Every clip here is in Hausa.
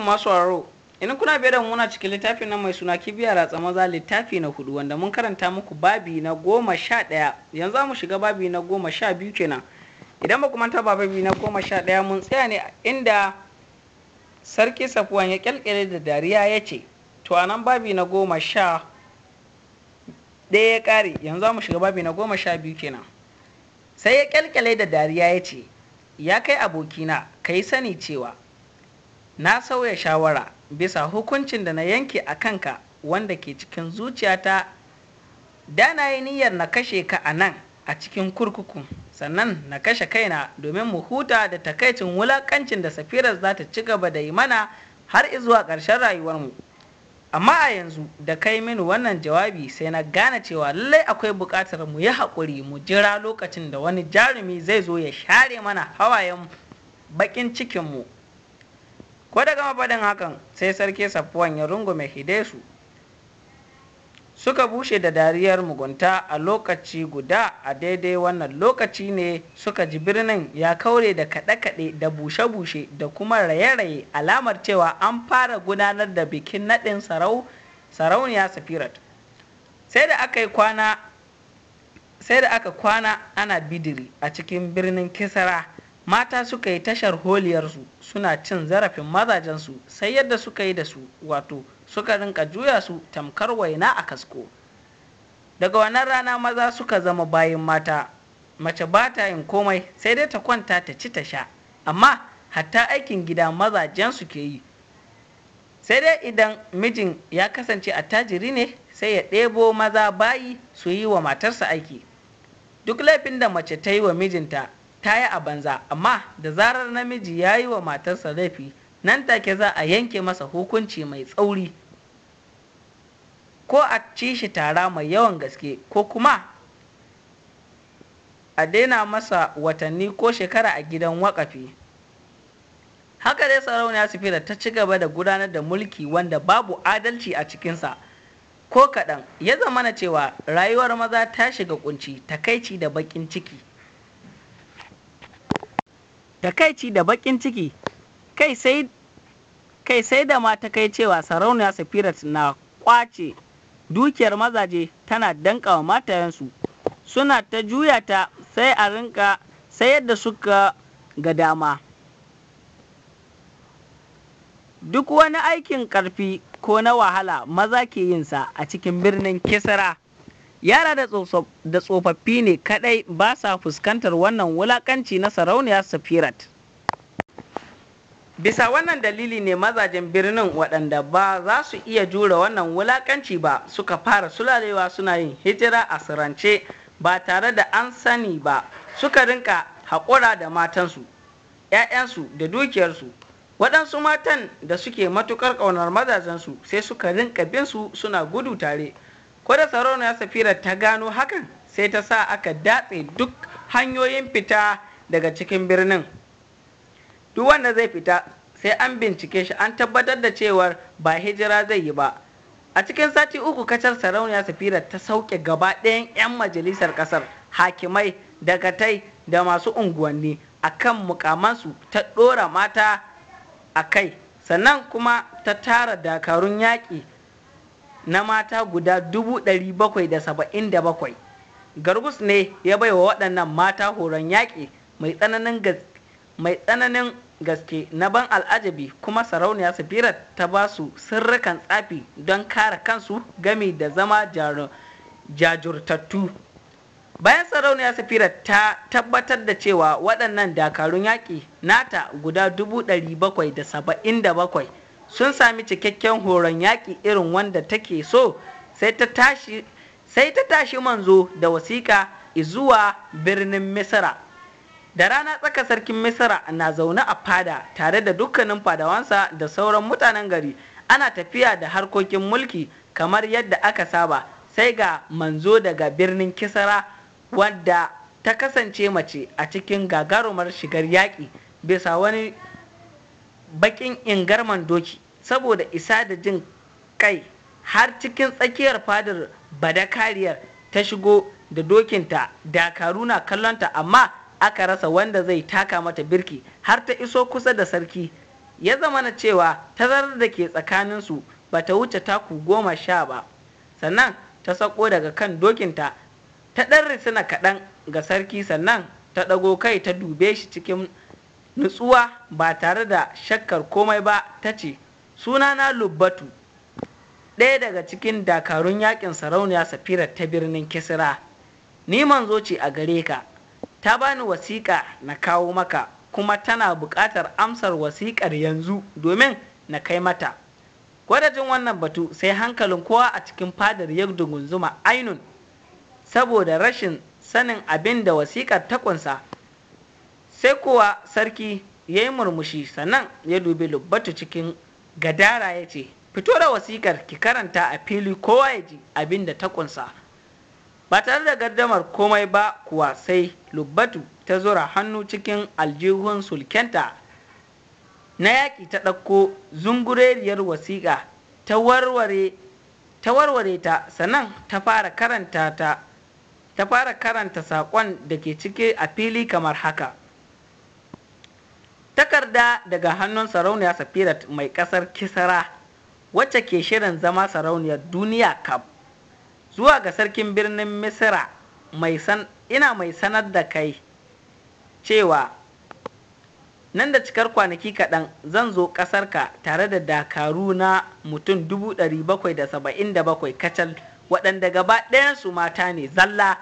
alaikum masu waro in kuna biyar da muna cikin littafin nan mai suna kibiya ratsa maza littafi na hudu wanda mun karanta muku babi na goma sha ɗaya yanzu za mu shiga babi na goma sha biyu kenan idan ba manta ba babi na goma sha ɗaya mun tsaya ne inda sarki safuwan ya kyalkyale da dariya ya ce to a nan babi na goma sha ɗaya ya ƙare yanzu za mu shiga babi na goma sha biyu kenan sai ya kyalkyale da dariya ya ce ya kai abokina ka yi sani cewa na sauya shawara bisa hukuncin da na yanke a kanka wanda ke cikin zuciyata da na yi niyyar na kashe ka a nan a cikin kurkuku sannan na kashe kaina domin mu huta da takaicin wulakancin da safirar za ta ci gaba da yi mana har izuwa ƙarshen rayuwarmu amma a yanzu da kai mini wannan jawabi sai na gane cewa lallai akwai buƙatar mu yi haƙuri mu jira lokacin da wani jarumi zai zo ya share mana hawayen baƙin cikinmu ko da gama faɗin hakan sai sarki safuwan ya rungume hidesu suka bushe da dariyar mugunta a lokaci guda a daidai wannan lokaci ne suka ji birnin ya kaure da kaɗe-kaɗe da bushe-bushe da kuma raye-raye alamar cewa an fara gudanar da bikin naɗin sarauniya safirat sai da aka kwana ana bidiri a cikin birnin kisara mata suka yi tashar holiyarsu suna cin zarafin mazajensu sai yadda suka yi da su wato suka rinka juya su tamkar waina a kasko daga wannan rana maza suka zama bayan mata mace ba ta yin komai sai dai ta kwanta ta ci ta sha amma hatta aikin gida mazajensu ke yi sai dai idan mijin ya kasance a tajiri ne sai ya ɗebo maza bayi su yi wa matarsa aiki duk laifin da mace ta yi wa mijinta ta yi a banza amma da zarar namiji ya yi wa matarsa laifi nan take za a yanke masa hukunci mai tsauri ko a ci shi tara mai yawan gaske ko kuma a daina masa watanni ko shekara a gidan wakafi haka dai sarauniya sifira ta ci gaba da gudanar da mulki wanda babu adalci a cikinsa ko kaɗan ya zama na cewa rayuwar maza ta shiga kunci takaici da baƙin ciki takaici da bakin ciki kai sai da ma ta kai cewa sarauniya safirat na kwace dukiyar mazaje tana dankawa matayensu suna ta juya ta sai a rinka sai yadda suka ga dama duk wani aikin karfi ko na wahala maza ke yinsa a cikin birnin kisra yara da tsofaffi ne kadai ba sa fuskantar wannan wulakanci na sarauniya safirat bisa wannan dalili ne mazajen birnin waɗanda ba za su iya jure wannan wulakanci ba suka fara sulalewa suna yin hijira a sirance ba tare da an sani ba suka rinka haƙura da matansu 'ya'yansu da dukiyarsu waɗansu matan da suke matuƙar ƙaunar mazajensu sai suka rinka binsu suna gudu tare ko da sarauniya safira ta gano hakan sai ta sa aka datse duk hanyoyin fita daga cikin birnin duk wanda zai fita sai an bincike shi an tabbatar da cewar ba hijira zai yi ba a cikin sati uku kacar sarauniya safira ta sauke gaba ɗayan 'yan majalisar ƙasar hakimai dagatai da masu unguwanni a kan mukamansu ta ɗora mata a kai sannan kuma ta tara dakarun yaƙi na mata guda 777 gargus ne ya bai wa waɗannan mata horon yaƙi mai tsananin gaske na ban al'ajabi kuma sarauniya safirat ta ba su sirrikan tsafi don kare kansu gami da zama jajurtattu bayan sarauniya safirat ta tabbatar da cewa waɗannan dakarun yaƙi nata guda 777 sun sami cikakken horon yaƙi irin wanda take so sai ta tashi manzo da wasiƙa zuwa birnin Misira. da rana tsaka sarkin Misira na zaune a fada tare da dukkanin fadawansa da sauran mutanen gari ana tafiya da harkokin mulki kamar yadda aka saba sai ga manzo daga birnin kisara wadda ta kasance mace a cikin gagarumar shigar yaƙi bisa wani bakin ingarman doki saboda isa da jin kai har cikin tsakiyar fadar badakariyar ta shigo da dokinta dakaru na kallonta amma aka rasa wanda zai taka mata birki har ta iso kusa da sarki ya zama na cewa ta zarar da ke tsakaninsu ba ta wuce taku goma sha ba sannan ta sako daga kan dokinta ta ɗan risina kaɗan ga sarki sannan ta ɗago kai ta dube shi cikin nutsuwa ba tare da shakkar komai ba ta ce sunana lubbatu ɗaya daga cikin dakarun yakin sarauniya safira ta birnin kisira ni manzo ce a gare ka ta bani wasiƙa na kawo maka kuma tana buƙatar amsar wasiƙar yanzu domin na kai mata gwadajin wannan batu sai hankalin kowa a cikin fadar ya dugunzuma ainun saboda rashin sanin abin da wasiƙar ta ƙunsa sai kuwa sarki ya yi murmushi sannan ya dubi lubbatu cikin gadara ya ce fito da wasikar ki karanta a fili kowa ya ji abin da ta kunsa ba tare da gardamar komai ba kuwa sai lubbatu ta zura hannu cikin aljihun sulkenta na yaƙi ta ɗauko zungureriyar wasiƙa ta warware ta sannan ta fara karanta ta fara karanta saƙon da ke cike a fili kamar haka takarda daga hannun sarauniya safirat mai kasar kisara wacce ke shirin zama sarauniyar duniya kam zuwa ga sarkin birnin misira ina mai sanar da kai cewa nan da cikar kwanaki kaɗan zan zo ƙasarka tare da dakaru na mutum 777 kacal waɗanda gaba ɗayansu mata ne zalla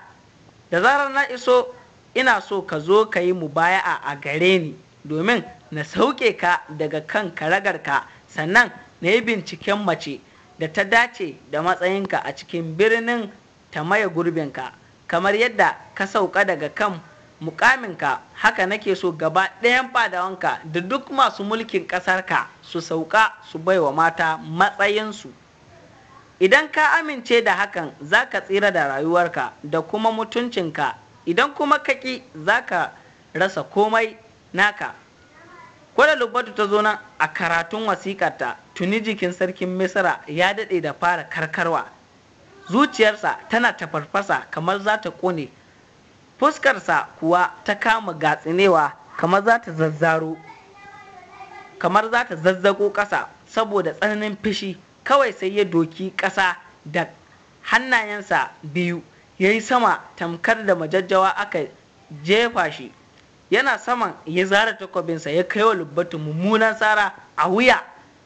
da zarar na iso ina so ka zo ka yi mubaya'a a gare ni domin na sauke ka daga kan karagarka sannan na yi binciken mace da ta dace da matsayinka a cikin birnin ta maye gurbinka kamar yadda ka sauka daga kan mukaminka haka nake so gaba ɗayan fadawanka da duk masu mulkin ƙasarka su sauka su baiwa mata matsayinsu idan ka amince da hakan za ka tsira da rayuwarka da kuma mutuncinka idan kuma kaki za ka rasa komai naka kwada lubbatu ta zo nan a karatun wasikarta, tuni jikin sarkin misra ya daɗe da fara karkarwa zuciyarsa tana tafarfasa kamar za ta ƙone fuskarsa kuwa ta kama gatsinewa kamar za ta zazzaro kamar za ta zazzago ƙasa saboda tsananin fishi kawai sai ya doki ƙasa da hannayensa biyu ya yi sama tamkar da majajjawa aka jefa shi yana saman ya zara takobinsa ya kai wa lubbatu mummunan tsara a wuya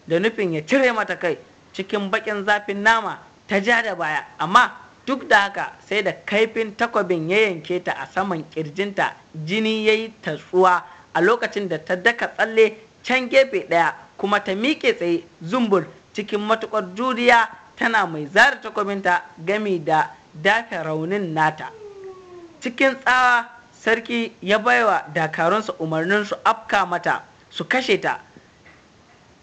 da nufin ya cire mata kai cikin bakin zafin nama ta ja da baya amma duk da haka sai da kaifin takobin ya yanke ta a saman kirjinta jini ya yi tatsuwa a lokacin da ta daka tsalle can gefe ɗaya kuma ta miƙe tsaye zumbur cikin matuƙar juriya tana mai zara takobinta gami da dafe raunin nata cikin tsawa sarki ya baiwa dakarunsa umarnin su afka mata su kashe ta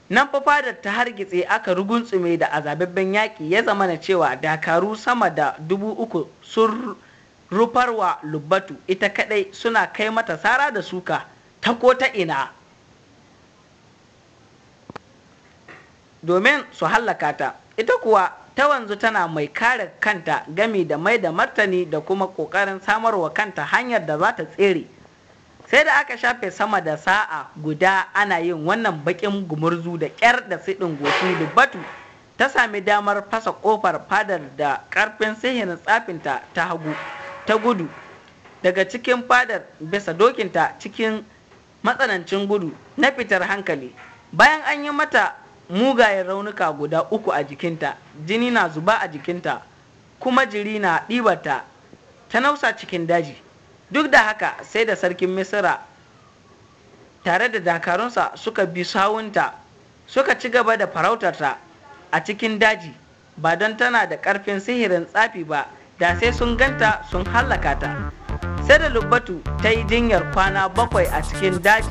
nan fa fadar ta hargitse aka rugunsume da azababben yaƙi ya zama na cewa dakaru sama da dubu uku sun rufarwa lubbatu ita kadai suna kai mata sara da suka ta ko ta ina domin su hallaka ta ita kuwa ta wanzu tana mai kare kanta gami da mai da martani da kuma ƙoƙarin samarwa kanta hanyar da za ta tsere sai da aka shafe sama da sa'a guda ana yin wannan baƙin gumurzu da ƙyar da siɗin goshi dubbatu ta sami damar fasa ƙofar fadar da ƙarfin sihirin tsafinta ta hagu ta gudu daga cikin fadar bisa dokinta cikin matsanancin gudu na fitar hankali bayan an yi mata mugayen raunuka guda uku a jikinta jini na zuba a jikinta kuma jiri na ɗibarta ta nausa cikin daji duk da haka sai da sarkin misira tare da dakarunsa suka bi sawunta suka ci gaba da farautarta a cikin daji ba don tana da ƙarfin sihirin tsafi ba da sai sun ganta sun hallaka ta sai da lubbatu ta yi jinyar kwana bakwai a cikin daji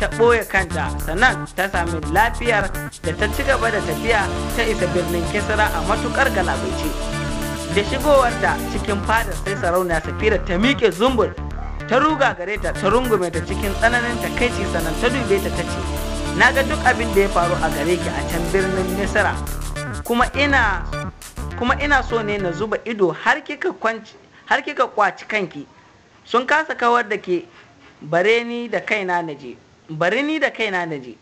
ta ɓoye kanta sannan ta sami lafiyar da ta ci gaba da tafiya ta isa birnin kisra a matukar galabaice da shigowar da cikin fadar sai sarauniya safira ta miƙe zumbul ta ruga gare ta ta rungume ta cikin tsananin takaici sannan ta dube ta ta ce na ga duk abin da ya faru a gare ki a can birnin misra kuma ina kuma ina so ne na zuba ido har kika kwaci kanki sun kasa kawar da ke bare ni da kaina na je bare ni da kaina na je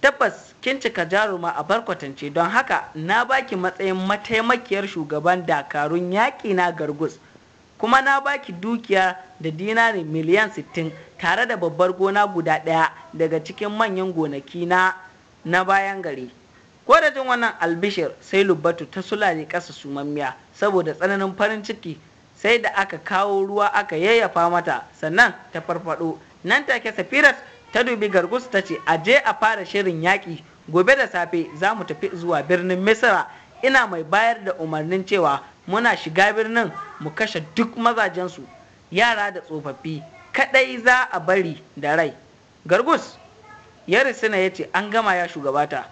tabbas kin cika jaruma a barkwatance don haka na baki matsayin mataimakiyar shugaban dakarun yaƙi na gargus kuma na baki dukiya da dinari miliyan 60 tare da babbar gona guda ɗaya daga cikin manyan gonaki na na bayan gari ko da jin wannan albishir sai lubbatu ta sulale ƙasa sumammiya saboda tsananin farin ciki sai da aka kawo ruwa aka yayyafa mata sannan ta farfado nan take safirat ta dubi gargus ta ce a je a fara shirin yaƙi gobe da safe za mu tafi zuwa birnin misra ina mai bayar da umarnin cewa muna shiga birnin mu kashe duk mazajensu yara da tsofaffi kadai za a bari da rai gargus ya risina ya ce an gama ya shugabata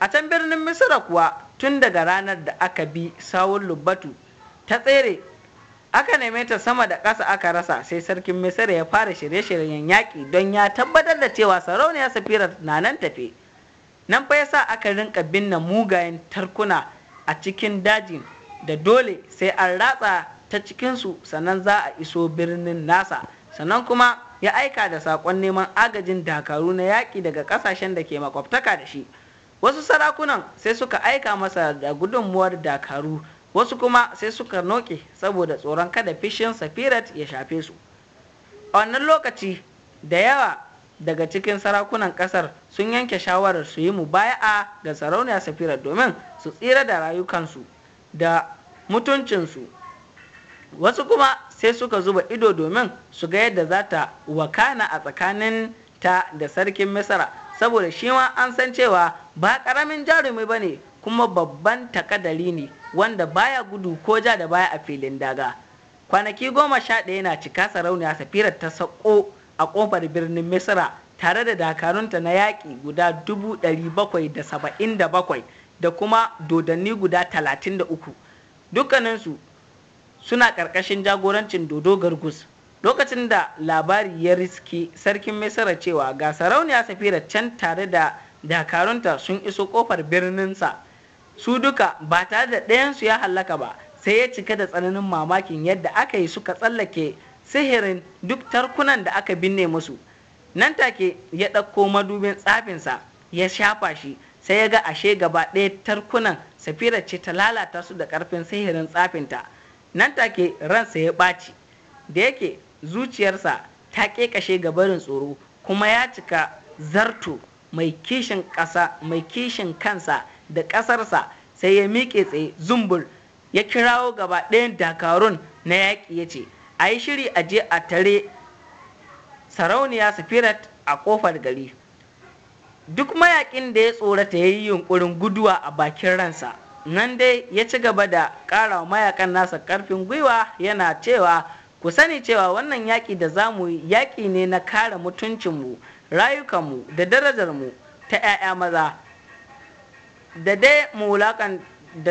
a can birnin misra kuwa tun daga ranar da aka bi sawun lubbatu ta tsere aka neme ta sama da ƙasa aka rasa sai sarkin misir ya fara shirye-shiryen yaƙi don ya tabbatar da cewa sarauniya safira na nan tafe nan fa yasa aka rinka binne mugayen tarkuna a cikin dajin da dole sai an ratsa ta cikinsu sannan za a iso birnin nasa sannan kuma ya aika da saƙon neman agajin dakaru na yaƙi daga ƙasashen da ke makwabtaka da shi wasu sarakunan sai suka aika masa da gudunmuwar dakaru wasu kuma sai suka noke saboda tsoron kada fishin safirat ya shafe su a wannan lokaci da yawa daga cikin sarakunan kasar sun yanke shawarar su yi mu baya'a ga sarauniya safirat domin su tsira da rayukansu da mutuncinsu wasu kuma sai suka zuba ido domin su ga yadda za ta wakana a tsakanin ta da sarkin Misira saboda shi ma an san cewa ba ƙaramin jarumi ba ne kuma babban takadari ne wanda baya gudu ko ja da baya a filin daga kwanaki goma sha ɗaya na cika sarauniya safira ta sako a ƙofar birnin misira tare da dakarunta na yaƙi guda dubu ɗari bakwai da saba'in da bakwai da kuma dodanni guda talatin da uku dukkaninsu suna ƙarƙashin jagorancin dodo gargus lokacin da labari ya riski sarkin misira cewa ga sarauniya safira can tare da dakarunta sun iso ƙofar birninsa su duka ba tare da ɗayansu ya hallaka ba sai ya cika da tsananin mamakin yadda aka yi suka tsallake sihirin duk tarkunan da aka binne musu nan take ya ɗauko madubin tsafinsa ya shafa shi sai ya ga ashe gaba ɗaya tarkunan safira ce ta lalata su da ƙarfin sihirin tsafinta nan take ransa ya ɓaci da yake zuciyarsa ta ƙeƙashe gabarin tsoro kuma ya cika zarto mai kishin ƙasa mai kishin kansa da ƙasarsa sai ya miƙe tsaye Zumbur ya kirawo gaba ɗayan dakarun na yaƙi ya ce a yi shiri a je a tare sarauniya safirat a ƙofar gari duk mayaƙin da ya tsorata ya yi yunƙurin guduwa a bakin ransa nan dai ya ci gaba da ƙara wa mayaƙan nasa ƙarfin gwiwa yana cewa ku sani cewa wannan yaƙi da za mu yaƙi ne na kare mutuncinmu rayukanmu da darajarmu ta 'ya'ya maza da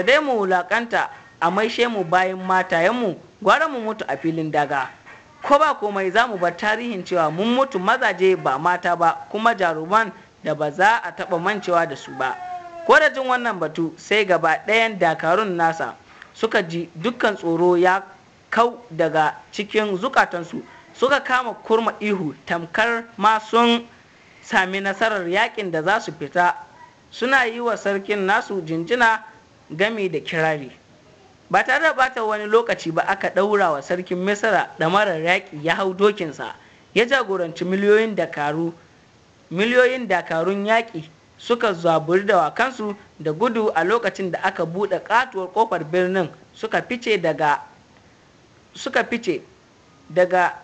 dai mu wulaƙanta a maishe mu bayan matayenmu gwara mu mutu a filin daga ko ba komai za mu bar tarihin cewa mun mutu mazaje ba mata ba kuma jaruman da ba za a taɓa mancewa da su ba ko da jin wannan batu sai gaba ɗayan dakarun nasa suka ji dukkan tsoro ya kau daga cikin zukatansu suka kama kurma ihu tamkar ma sun sami nasarar yakin da za su fita suna yi wa sarkin nasu jinjina gami da kirari ba tare da bata wani lokaci ba aka ɗaura wa sarkin misra ɗamarar yaƙi ya hau dokinsa ya jagoranci miliyoyin dakaru miliyoyin dakarun yaƙi suka zaburi da kansu da gudu a lokacin da aka buɗe katuwar ƙofar birnin suka fice daga suka fice daga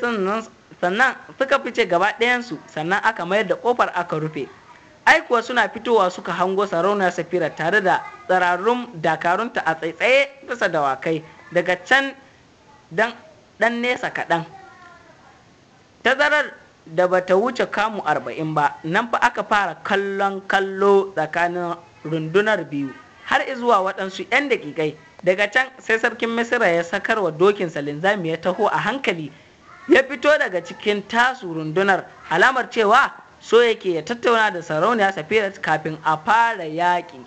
sannan suka fice gaba ɗayansu sannan aka mayar da ƙofar aka rufe aikuwa suna fitowa suka hango Sarauniya safira tare da tsararrun dakarunta a tsaitsaye bisa dawakai daga can dan nesa kaɗan tazarar da bata wuce kamu arba'in ba nan fa aka fara kallon kallo tsakanin rundunar biyu har zuwa waɗansu 'yan daƙiƙai daga can sai sarkin misira ya sakarwa dokinsa linzami ya taho a hankali ya fito daga cikin tasu rundunar alamar cewa so yake ya tattauna da sarauniya safirat kafin a fara yaƙi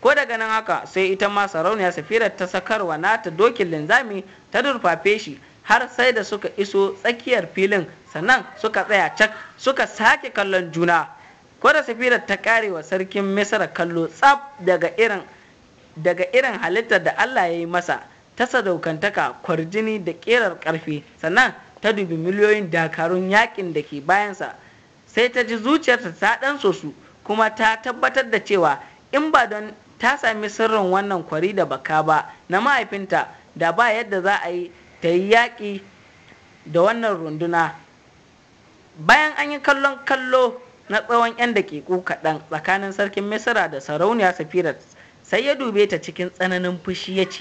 ko daga nan haka sai ita ma sarauniya safirat ta sakarwa nata dokin linzami ta durfafe shi har sai da suka iso tsakiyar filin sannan suka tsaya cak suka sake kallon juna ko da safirat ta kare wa sarkin misra kallo tsaf daga irin daga irin halittar da allah ya yi masa ta sadaukantaka kwarjini da ƙerar ƙarfi sannan ta dubi miliyoyin dakarun yakin da ke bayansa sai ta ji zuciyarta ta ɗan su, kuma ta tabbatar da cewa in ba don ta sami sirrin wannan kwari da baka ba na mahaifinta da ba yadda za a yi ta yi yaƙi da wannan runduna bayan an yi kallon kallo na tsawon 'yan daƙiƙu kaɗan tsakanin sarkin misira da sarauniya safirat sai ya dube ta cikin tsananin fushi ya ce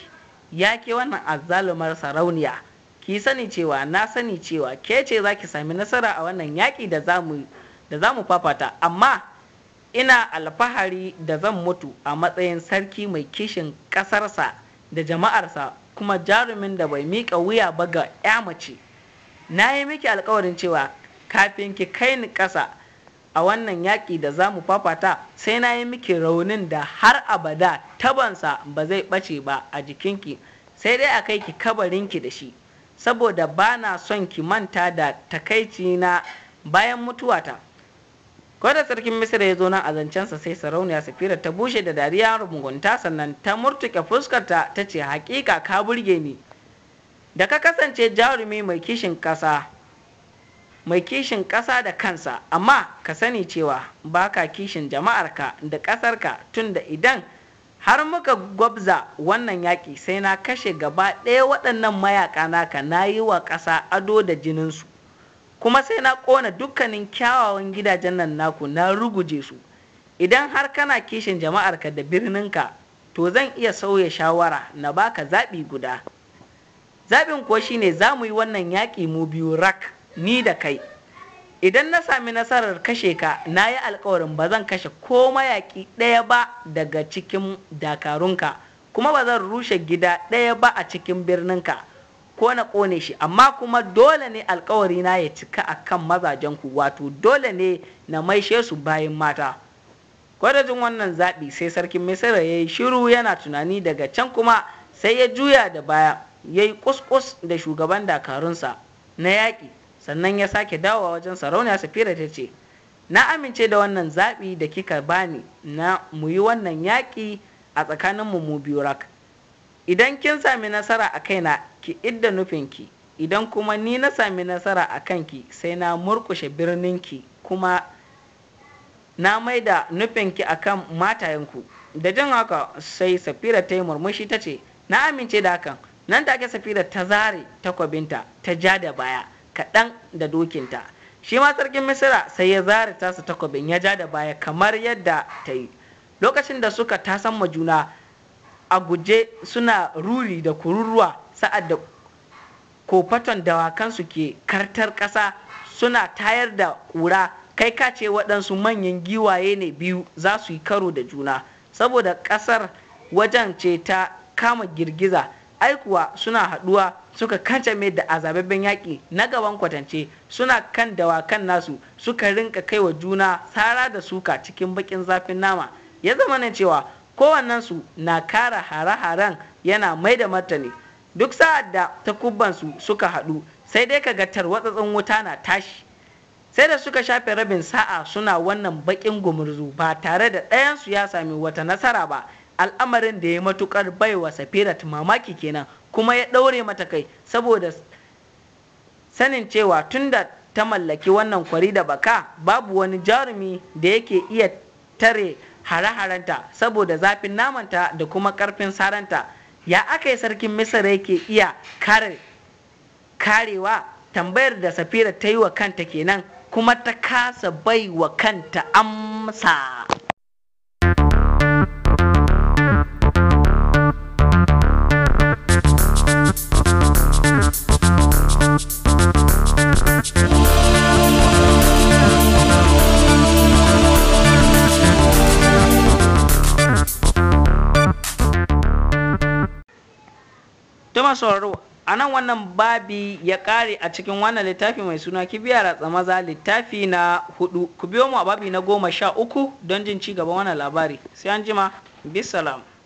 ya ke wannan Azalumar sarauniya ki sani cewa na sani cewa ke ce za ki sami nasara a wannan yaƙi da za mu yi da za mu fafata amma ina alfahari da zan mutu a matsayin sarki mai kishin ƙasarsa da jama'arsa kuma jarumin da bai miƙa wuya ba ga 'ya mace na yi miki alkawarin cewa kafin ki kai ni ƙasa a wannan yaƙi da za mu fafata sai na yi miki raunin da har abada tabansa ba zai ɓace ba a jikinki sai dai a kai ki kabarinki da shi saboda ba na son ki manta da takaici na bayan mutuwata ko da sarkin misira ya zo na a zancensa sai sarauniya safira ta bushe da dariya rumungunta sannan ta murtuke fuskarta ta ce hakika ka burge ni da ka kasance jarumi mai kishin kasa mai kishin kasa da kansa amma ka sani cewa ba ka kishin jama'arka da ƙasarka da idan har muka gwabza wannan yaƙi sai na kashe gaba ɗaya waɗannan mayaƙa naka na yi wa ƙasa ado da jininsu kuma sai na ƙona dukkanin kyawawan gidajen nan naku na ruguje su idan har kana kishin jama'arka da birninka to zan iya sauya shawara na baka zaɓi guda zaɓin kuwa shine za mu yi wannan yaƙi mu biyu rak ni da kai idan na sami nasarar kashe ka na yi alkawarin ba zan kashe ko mayaƙi ɗaya ba daga cikin dakarunka kuma ba zan rushe gida ɗaya ba a cikin birninka ko na ƙone shi amma kuma dole ne alkawari na ya cika akan mazajen ku wato dole ne na maishe su bayan mata kwadajin wannan zaɓi sai sarkin misira ya yi shiru yana tunani daga can kuma sai ya juya da baya ya yi kuskus da shugaban dakarunsa na yaƙi sannan ya sake dawowa wajen sarauniya safira ta ce na amince da wannan zaɓi da kika bani na mu yi wannan yaƙi a tsakanin mu biyu rak idan kin sami nasara a kaina ki idda nufinki idan kuma ni na sami nasara a kanki sai na murkushe birninki kuma na maida nufinki akan matayenku da jin haka sai safira ta yi murmushi ta ce na amince da hakan nan da take safira ta zare takwabinta ta ja da baya kaɗan da dokinta shi ma sarkin misira sai ya zare tasa takwabin ya ja da baya kamar yadda ta yi lokacin da suka tasan ma juna a guje suna ruri da kururuwa sa'ad da kofaton dawakansu ke kartar ƙasa suna tayar da ƙura kai kace waɗansu manyan giwaye ne biyu za su yi karo da juna saboda ƙasar wajen ce ta kama girgiza aikuwa suna haɗuwa suka mai da azababben yaƙi na gaban kwatance suna kan dawakan nasu suka rinka kai wa juna tsara da suka cikin baƙin zafin nama ya zama cewa kowannensu na kara hare-haren yana mai da martani duk sa'ad da takubbansu suka haɗu sai dai ka gatar watsatsin wuta na tashi sai da suka shafe rabin sa'a suna wannan baƙin gumurzu ba tare da ɗayansu ya sami wata nasara ba al'amarin da ya matukar baiwa safirat mamaki kenan kuma ya ɗaure mata kai saboda sanin cewa tunda ta mallaki wannan kwari da baka babu wani jarumi da yake iya tare hare-harenta saboda zafin namanta da kuma karfin saranta ya aka yi sarkin misar yake iya karewa tambayar da safira ta yi wa kanta kenan kuma ta kasa bai wa kanta amsa jama'a sauraro a nan wannan babi ya kare a cikin wannan littafi mai suna ki biya ratsa maza littafi na hudu ku biyo mu a babi na goma sha uku don jin ci gaban wannan labari sai an jima bisalam